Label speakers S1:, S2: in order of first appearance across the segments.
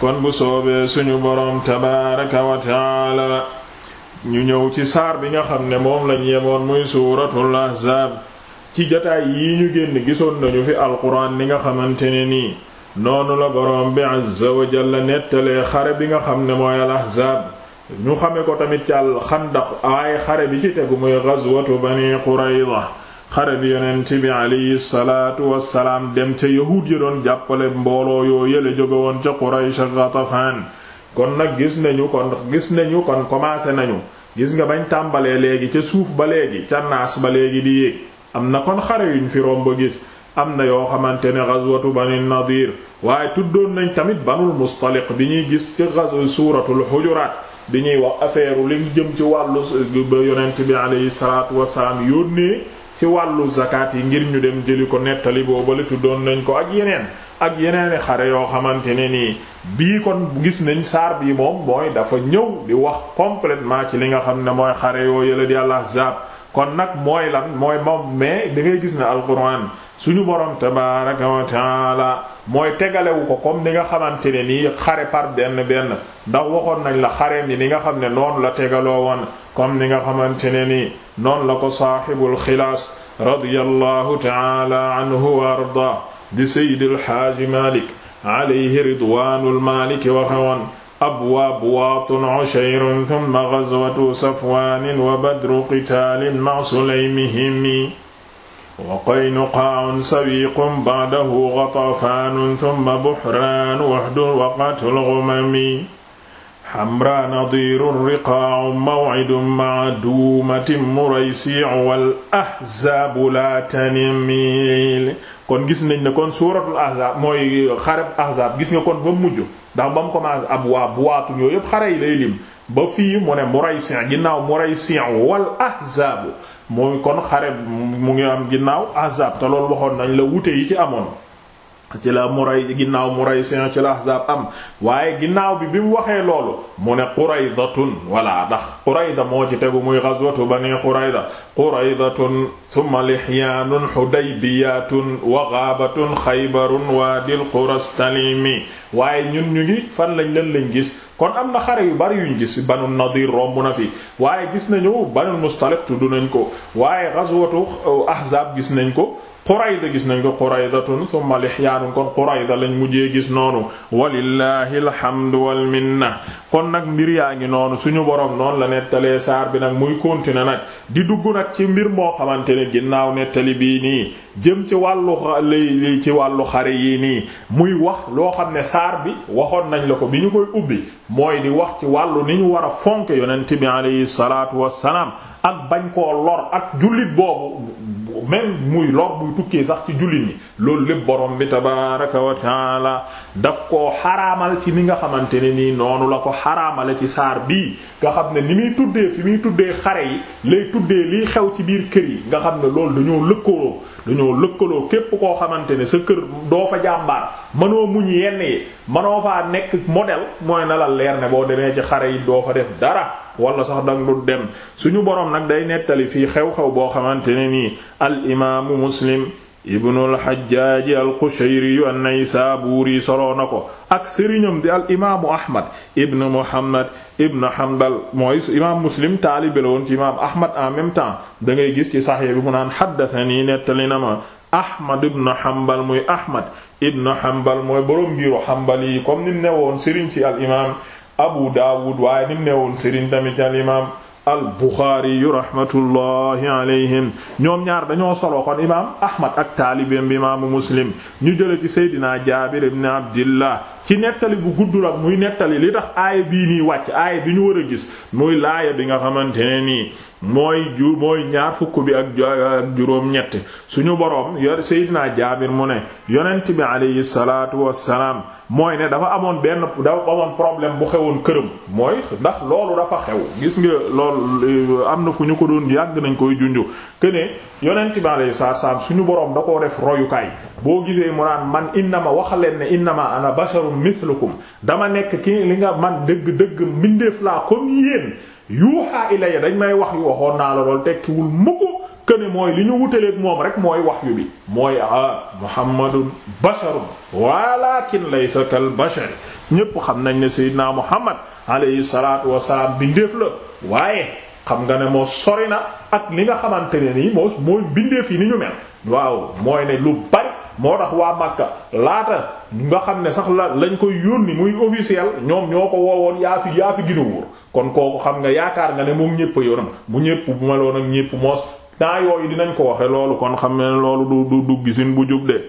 S1: kon bu soobee suñu boroom tabaaraka wa taala ñu ñëw ci saar bi nga xam ne moom lañ yemoon muy suuratul ahzaab ci jataay yi ñu génn gisoon nañu fi alquran ni nga xamante ne nii noonu la boroom bi azza wa jalla nettalee xare bi nga xam ne mooy al ahzaab ñu xame ko tamit ci al xandaq ay xare bi ci tegu muy gazwatu bani qurayza xare bi yonent bi alayhi salaatu wassalaam dem ca yahuud ya doon jàppale mbooloo yoo yële jóge woon ca Quraysh Ghatafaan kon nag gis nañu kon gis nañu kon commencé nañu gis nga bañ tàmbalee léegi ca suuf ba léegi ca naas ba léegi di yéeg am na kon xare yuñ fi romb gis am na yoo xamante ne ghazwatu bani nadir waaye tuddoon nañ tamit banul mustaliq bi ñuy gis ca ghazwa suuratul xujuraat bi ñuy wax affaire li jëm ci wàllu ba yonent bi alayhi salaatu wassalaam ci wàllu zakat yi ngir ñu dem jëli ko nettali boobu boobale tuddoon nañ ko ak yeneen ak yeneeni xare yoo xamante ne nii bii kon gis nañ saar bii moom mooy dafa ñëw di wax complètement ci li nga xam ne mooy xare yoo yëla di àl ahzaab kon nag mooy lan mooy moom mais da ngay gis ne alquran suñu borom tabaraka wa taala mooy tegalewu ko comme ni nga xamante ne nii xare par benn benn ndax waxoon nañ la xareen yi ni nga xam ne noonu la tegaloo woon comme ni nga ne nii noonu la ko saaxibul xilaas radiyallahu taala anhu wa arda di sayyidil xaaji malik alayhi ridwaanul maliki waxewoon abwa buwaatun ushayrun thumma ghazwatu safwaanin wa badru qitaalin ma'a sulaymihimi wa qaynuqaa'un sawiiqun ba'dahu ghatafaanun thumma buhraanu wahdun wa qatlun ghumami xamra nadiru riqaacu mawcidu maca duumati muraysiicu wal ahzaabu laa tanmiil kon gis nañ ne kon suuratul ahzaab mooy xareb ahzaab gis nga kon ba mujj ndax ba mu commencé ab waa buwaatun yooyu yépp xare yi lay lim ba fii mu ne muraysiic ginnaaw muraysiicu wal ahzaabu mooy kon xare mu ngi am ginnaaw ahzaab te loolu waxoon nañ la wute yi ci amoon ci la muray ginnaaw muray sin ci la ahzaab am waaye ginnaw bi bi mu waxee loolu mu ne quraydatun walla ndax qurayda moo ci tegu muy ghazwatu bani qurayda quraydatun thumma lihyaanun hudaybiyatun wa ghaabatun khaybarun waadil qurastalimi waaye ñun ñu ngi fan lañ leen lañ gis kon am na xare yu bari ñu gis banu nadir romb na fi waaye gis nañu banu mustalik tudd nañ ko waaye ghazwatu ahzaab gis nañ ko Qurayda gis nañ ko Quraydatun thumma lihyaanun kon Qurayda lañ mujjee gis noonu walillahi alhamdu wal minna kon nag mbir yaa ngi noonu suñu borom noonu la nettalee saar bi nag muy continuer nag di dugg nag ci mbir moo xamante ne ginnaaw nettali bii nii jëm ci wàllu li ci wàllu xare yii nii muy wax loo xam ne saar bi waxoon nañ la ko bi ñu koy ubbi mooy di wax ci wàllu ni ñu war a fonk yonent bi alayhi salaatu wassalaam ak bañ koo lor ak jullit boobu même muy lor buy tukkee sax ci jullit ñi loolu lépp borom bi tabaraka wa taala daf ko xaraamal ci ni nga xamante ne nii noonu la ko xaraamale ci saar bii nga xam ne ni muy tuddee fi muy tuddee xare yi lay tuddee liy xew ci biir kër yi nga xam ne loolu dañoo lëkkooroo dañoo lëkkaloo képp koo xamante ne sa kër doo fa jàmbaar manoo muñ yenn yi mënoo faa nekk modèle mooy na la leer ne boo demee ci xare yi doo fa def dara wala sax dag du dem suñu boroom nag day nettali fii xew-xew boo xamante ne nii al imaamu muslim ibnul xajjaaji alqushayriyu an-naysaabuuri soloo na ko ak sëriñam di al imaamu ahmad ibn muhammad ibn hanbal mooy imaam muslim taalibe la woon ci imaam ahmad en même temps da ngay gis ci saxee bi mu naan xaddatanii nettali na ma ahmad ibn hanbal muy ahmad ibn hanbal mooy boroom ngiiru hanbal yi comme ni mu newoon sëriñ ci al imaam abu daawud waaye ni mu newoon sëriñ tamit ci al imaam al Buxaari yu rahmatullahi alayhim ñoom ñaar dañoo solo kon imaam Ahmad ak taalibeem bi imaamu Muslim ñu jële ci Seydina Jaabir ibn Abdillah ci nettali bu gudd la muy nettali li tax aaya bii nii wàcc aaya bi ñu war a gis muy laaya bi nga xamante ne nii mooy ju mooy ñaar fukk bi ak juróom ñett suñu boroom yor Seydina Jaabir mu ne yonent bi alayhi salaatu wassalaam mooy ne dafa amoon benn dafa amoon problème bu xewoon këram mooy ndax loolu dafa xew gis nga lool eh, am na fu ñu ko doon yàgg nañ koy junju que ne yonent bi alayhi salaatu wassalaam suñu boroom da koo def royukaay boo gisee mu naan man innama wax leen ne innama ana basharun mithlukum dama nekk ki li nga man dëgg-dëgg mbindeef laa comme yéen yuuxaa ilayya dañ may wax yu waxoon naa la dekkiwul tekkiwul mukk këne mooy li ñu wutaleeg moom rek mooy wax yu bi mooy ah muhammadun basharun walakin laysa kal bashar ñépp xam nañ ne sayyidina muhammad alayhi salatu wasalaam bindeef la waaye xam nga ne moo sori na ak li nga xamante ne nii moo mooy bindeef yi ni ñu mel moo tax waa Makka laata nga xam ne sax la lañ koy yónni muy officiel ñoom ñoo ko woowoon yaa fi yaa fi gën a wóor kon kooku xam nga yaakaar nga ne moom ñépp a yoonam bu ñépp bu meloon ak ñépp moos temps yooyu dinañ ko waxe loolu kon xam ne loolu du du du gisin bu jub de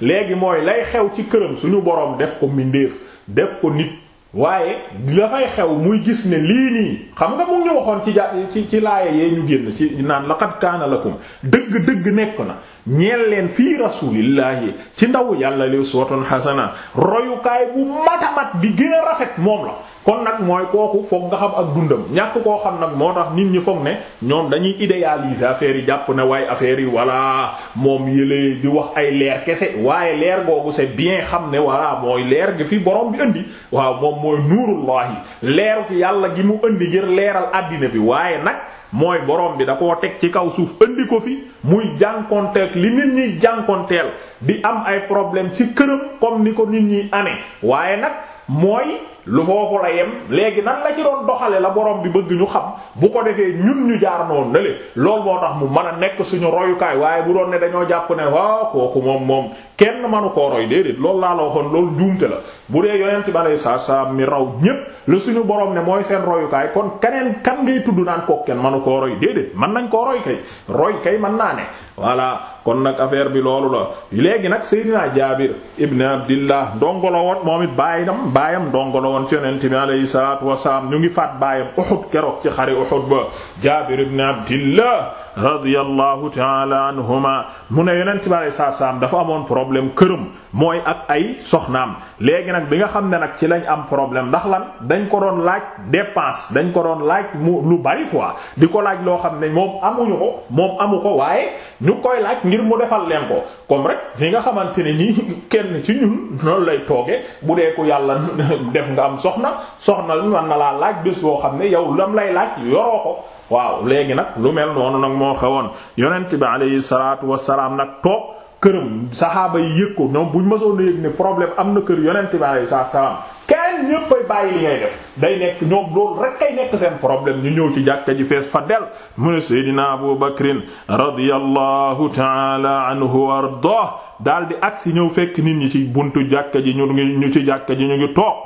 S1: léegi mooy lay xew ci këram suñu boroom def ko mbindeef def ko nit waaye dafay xew muy gis ne lii nii xam nga mu ngi waxoon ci ja ci ci laaya yee ñu génn ci naan laqad kaana lakum dëgg-dëgg nekk na ñeel leen fii rasuulillaahi ci ndaw yàlla li uswatun hasana royukaay bu matamat bi gën a rafet moom la kon nag mooy kooku foog nga xam ak dundam ñàkk koo xam nag moo tax nit ñi foog ne ñoom dañuy idéaliser affaire yi jàpp ne waaye affaire yi voilà moom yëlee di wax ay leer kese waaye leer googu c'est bien xam ne voilà mooy leer gi fi borom bi indi waaw moom mooy nuurullahi leeru yàlla gi mu indi ngir leeral àddina bi waaye nag mooy borom bi da koo teg ci kaw suuf andi ko fi muy jànkonteel li nit ñiy jànkonteel di am ay problème ci këram comme ni ko nit ñiy amee waaye nag mooy lu foofu la yem léegi nan la ci doxale la borom bi bëgg ñu xam bu ko defee ñun ñu jaar noonu ne loolu moo tax mu mën a nekk suñu royukaay waaye bu doon ne dañoo jàpp ne waaw kooku moom moom kenn manu koo roy déedéet loolu laa la waxoon loolu njuumte la bu dee yonent bi alay saa saa mi raw ñépp lu suñu borom ne mooy seen royukaay kon keneen kan ngay tudd naan kooku kenn manu koo roy déedéet man nañ koo roy kay roy kay mën naa ne voilà kon nag affaire bi loolu la léegi nag Seydina Jaabir ibn Abdillah ndongo la moom it baayam baayam ndongo la woon ci yonent bi alayhi salaatu wasalaam ñu ngi faat baayam Uhud keroog ci xare Uhud ba Jaabir ibn Abdillah radiyallahu taala anhuma mu ne yonent bi alayhi salaatu wasalaam dafa amoon problème këram mooy ak ay soxnaam léegi nag bi nga xam ne nag ci lañ am problème ndax lan dañ ko doon laaj dépense dañ ko doon laaj mu lu bari quoi di ko laaj loo xam ne moom amuñu ko ko waaye ñu koy laaj ngir mu defal leen ko comme rek li nga xamante ne nii kenn ci ñun noonu lay tooge bu dee ko yàlla def nga am soxna soxna li man na laa laaj bés woo xam ne yow lam lay laaj yoroo ko waaw léegi nag lu mel noonu nag moo xewoon yonent bi alayhi salaatu wassalaam nag toog këram saxaaba yi yëg ko ñoom buñ mësoon a yëg ne problème am na kër yonent bi alayhi salaam kenn ñépp bàyyi li ngay def day nekk ñoom loolu rek kay nekk seen problème ñu ñëw ci jàkka ji fees fa del mu ne Seydina Abu Bakrin radiyallahu taala anhu wa ardaah daal di agsi ñëw fekk nit ñi ci buntu jàkka ji ñu ñu ci jàkka ji ñu ngi toog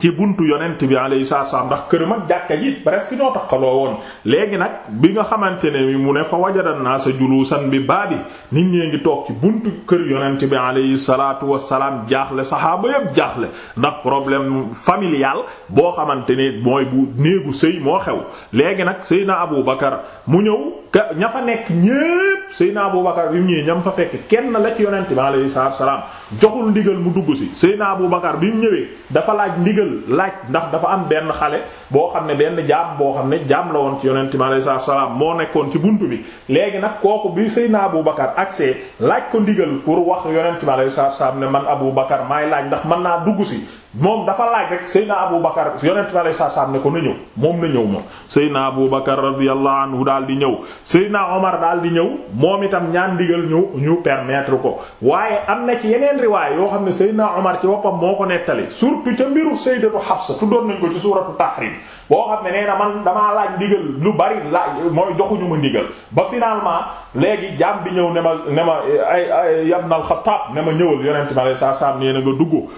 S1: ci buntu yonent bi alayhi salaam ndax këram ak jàkka ji presque ñoo takkaloo woon léegi nag bi nga xamante ne mu ne fa wajada naasa juluusan bi baabi nit ñee ngi toog ci buntu kër yonent bi alayhi salaatu wassalaam jaaxle saxaaba yépp jaaxle ndax problème familial boo xamante ne mooy bu néegu sëy moo xew léegi nag Seydina Abu Bakar mu ñëw ka ña fa nekk ñépp Seydina Abu Bakar bi mu ñëwee ñam fa fekk kenn la ci yonent bi alayhi salaam joxul ndigal mu dugg si Seydina Abu Bakar bi mu ñëwee dafa laaj ndigal laaj ndax dafa am benn xale boo xam ne benn jaam boo xam ne jaam la woon ci yonent mi alayhi salaam moo nekkoon ci bunt bi léegi nag kooku bi Seydina Abu Bakar agsee laaj ko ndigal pour wax yonent mi alayhi salaatu salaam ne man Abu Bakar maay laaj ndax man naa dugg si moom dafa laaj rek Seydina Abu Bakar yonent bi saa saam ne ko na ñëw moom na ñëw moom Seydina Abu Bakar radiyallahu anhu daal di ñëw Seydina Omar daal di ñëw moom itam ñaan ndigal ñu ñu permettre ko waaye am na ci yeneen riwaay yoo xam ne Seydina Omar ci boppam moo ko nettali surtout ca mbiru Sayyidatu Hafsa tuddoon nañ ko ci suuratu Tahrim boo xam ne nee na man damaa laaj ndigal lu bari laaj mooy joxuñu ma ndigal ba finalement léegi jaam bi ñëw ne ma ne ay ay Ibn al-Khattab ne ma ñëwal yonent bi saa saam nee na nga dugg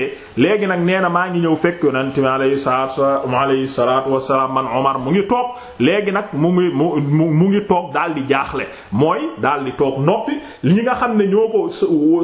S1: gisee léegi nag nee na maa ngi ñëw fekk yonent mi alayhi salaatu alayhi salaatu wassalaam man Omar mu ngi toog léegi nag mu ngi mu mu ngi toog daal di jaaxle mooy daal di toog noppi ñi nga xam ne ñoo ko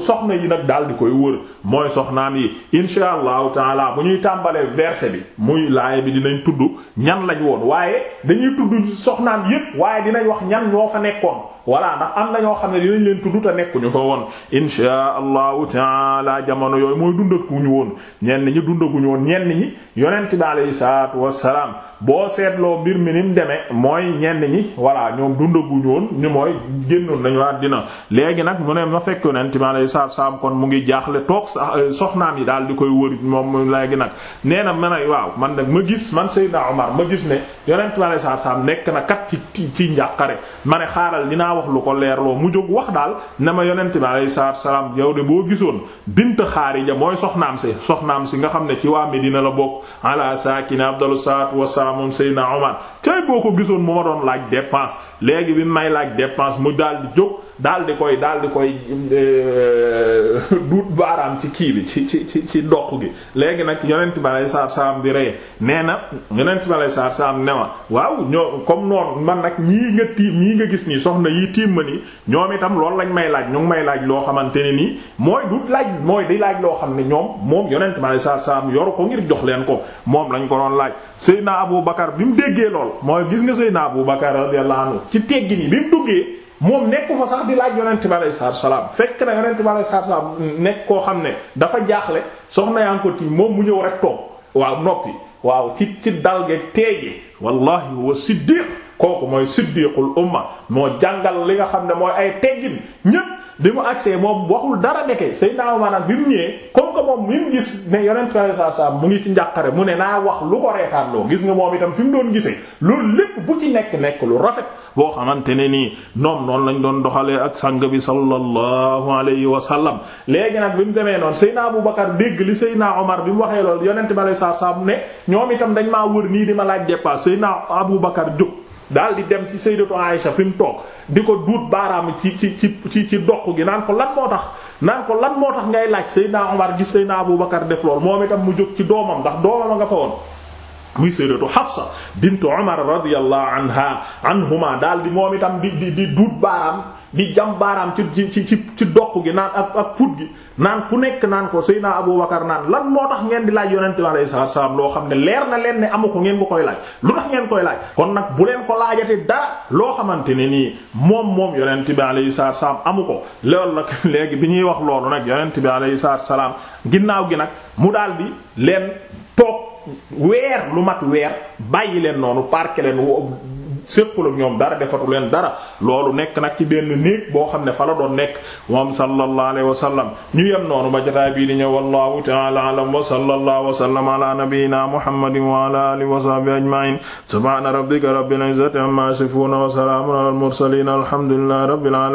S1: soxna yi nag daal di koy wër mooy soxnaam yi insha allahu taala bu ñuy tàmbalee verset bi muy laay bi dinañ tudd ñan lañ woon waaye dañuy tudd soxnaam yépp waaye dinañ wax ñan ñoo fa nekkoon. voilà ndax am na ñoo xam ne dinañ leen tudd te nekkuñu fa woon insha allahu taala jamono yooyu mooy dundaguñu woon ñu ñi dundaguñu woon ñenn ñi yonent bi alayhi salaatu wassalaam boo seetloo mbir mi ni mu mooy ñenn ñi voilà ñoom dundaguñu woon ni mooy génnoon nañu àddina léegi nag mu ne ma fekk yonent bi alayhi salaatu wassalaam kon mu ngi jaaxle toog sax euh, soxnaam yi daal di koy wër moom léegi nag nee na ma ne waaw man nag ma gis man Seydina Omar ma gis ne yonent bi alayhi salaatu wassalaam nekk na kat ci ci njàqare ma ne xaaral dinaa wax lu ko leerloo mu jóg wax daal ne ma yonent bi alayhi salaatu salaam yow de boo gisoon bint Xaarija mooy soxnaam si soxnaam si nga xam ne ci waa Medina la bokk ala saakini afdalu salaatu wassalaam moom Seydina Omar tey boo ko gisoon mu ma doon laaj dépense léegi bi may laaj dépense mu daal di jóg daal di koy daal di koy euh, duut baaraam ci kii bi ci ci ci ci doq gi léegi nag yonent bi alay saar saam di ree nee na yonent bi alay saar saam ne ma waaw ñoo comme noonu man nag ñii nga tiim ñii nga gis nii soxna yi tiim ma nii ñoom itam loolu lañ may laaj ñu ngi may laaj loo xamante ne nii mooy du laaj mooy di laaj loo xam ne ñoom moom yonent bi alay saar saam yoru ko ngir jox leen ko moom lañ ko doon laaj naa Abu Bakar bi mu déggee lool mooy gis nga Seydina Abu Bakar radiyallahu ci teggi ni bi mu moom nekku fa sax di laaj yonent bi alayhi salaatu salaam fekk na yonent bi alayhi salaatu salaam nekk koo xam ne dafa jaaxle soxna yaa ngi ko tiim moom mu ñëw rek toog waaw noppi waaw ci ci dalge teeje wallahi wa siddiq kooku mooy siddiqul umma moo jàngal li nga xam ne mooy ay teggin ñépp bi mu agsee moom waxul dara ndeke Seydina Omar bi mu ñëwee comme que moom mi ngi gis ne yonent sallallahu alayhi wasallam mu ngi ci njàqare mu ne naa wax lu ko reetaan loo gis nga moom itam fi mu doon gisee lu lépp bu ci nekk nekk lu rafet boo xamante ne nii noom noonu lañ doon doxalee ak sang bi sallallahu alayhi wasallam léegi nag bi mu demee noonu Seydina Abu Bakar dégg li Seydina Omar bi mu waxee loolu yonent sallallahu alayhi wasallam ne ñoom itam dañ maa wër nii di ma laaj dépasse Seydina Abu Bakar jóg daal di dem ci sayyidatu Aisha fi mu toog di ko duut baaraam ci ci ci ci ci doq gi naan ko lan moo tax naan ko lan moo tax ngay laaj sayyidna Umar gis sayyidna Abu Bakar def lool moom itam mu jóg ci doomam ndax doomam nga fa woon muy sayyidatu Hafsa bint Umar radiyallahu anha anhuma daal di moom itam di di di duut baaraam di jam baaraam ci ci ci ci doq gi naan ak ak put gi naan ku nekk naan ko Seydina Abu Bakar naan lan moo tax ngeen di laaj yonente bi alayhi salaatu salaam loo xam ne leer na leen ne amu ko ngeen ko koy laaj lu tax ngeen koy laaj kon nag bu leen ko laajate dara loo xamante ne nii moom moom yonente bi alayhi salaatu salaam amu ko loolu nag léegi bi ñuy wax loolu nag yonente bi alayhi salaatu salaam ginnaaw gi nag mu dal di leen toog weer lu mat weer bàyyi leen noonu parke leen séqul ak ñoom dara defatu leen dara loolu nekk nag ci benn néeg boo xam ne fa la doon nekk moom sallallahu alayhi wa sallam ñu yem noonu ba jotaay bii di ñëw wallahu ta'ala a'lam wa sallallahu wa sallama ala nabiyyina muhammadin wa ala alihi wa sahbihi ajma'in subhana rabbika rabbil izzati amma yasifun wa salamun alal mursalin alhamdulillahi rabbil alamin